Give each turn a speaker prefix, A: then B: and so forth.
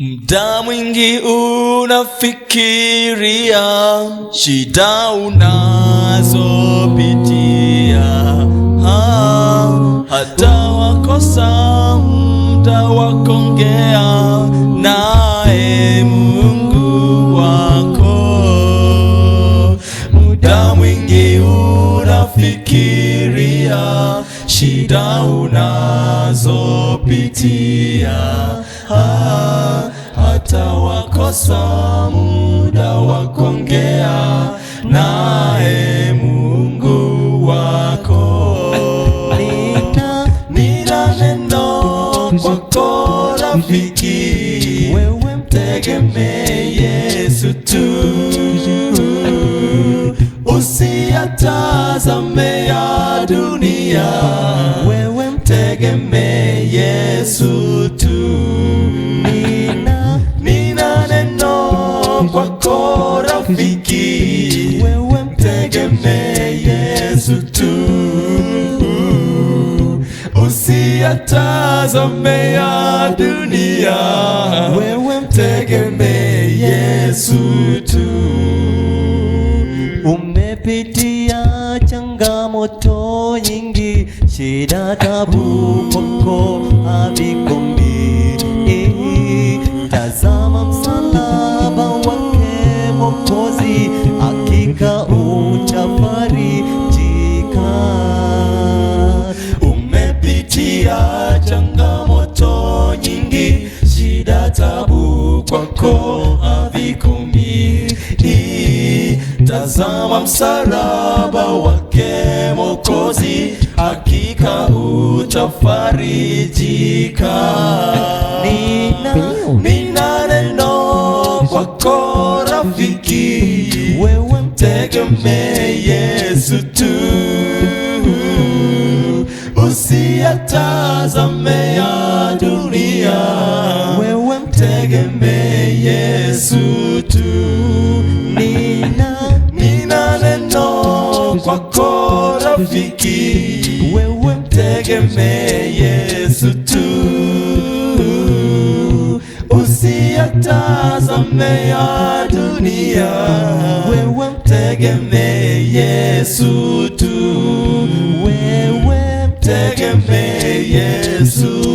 A: Mda mwingi unafikiria shida unazopitia, hata wakosa mda wa kuongea naye Mungu wako. Mda mwingi kufikiria shida unazopitia, ah, hata wakosa muda wa kuongea naye Mungu wako. Nina, nina neno kwako rafiki, mtegemee Yesu tu yatazame ya dunia, wewe mtegemee Yesu tu. Nina, nina neno kwako rafiki, wewe mtegemee Yesu tu, usiyatazame ya dunia, wewe mtegemee Yesu tu.
B: Umepita moto nyingi, shida tabu kwako havikombi. tazama msalaba wake Mwokozi, hakika utafarijika.
A: Umepitia changamoto nyingi, shida tabu kwako havikombi. tazama msalaba wake utafarijika. Nina, nina neno kwako rafiki, wewe mtegemee Yesu tu, usiyatazame ya dunia, wewe mtegemee Yesu tu. Nina, nina neno kwako rafiki mtegemee Yesu tu, usiyatazame ya dunia, wewe mtegemee Yesu tu, wewe mtegemee Yesu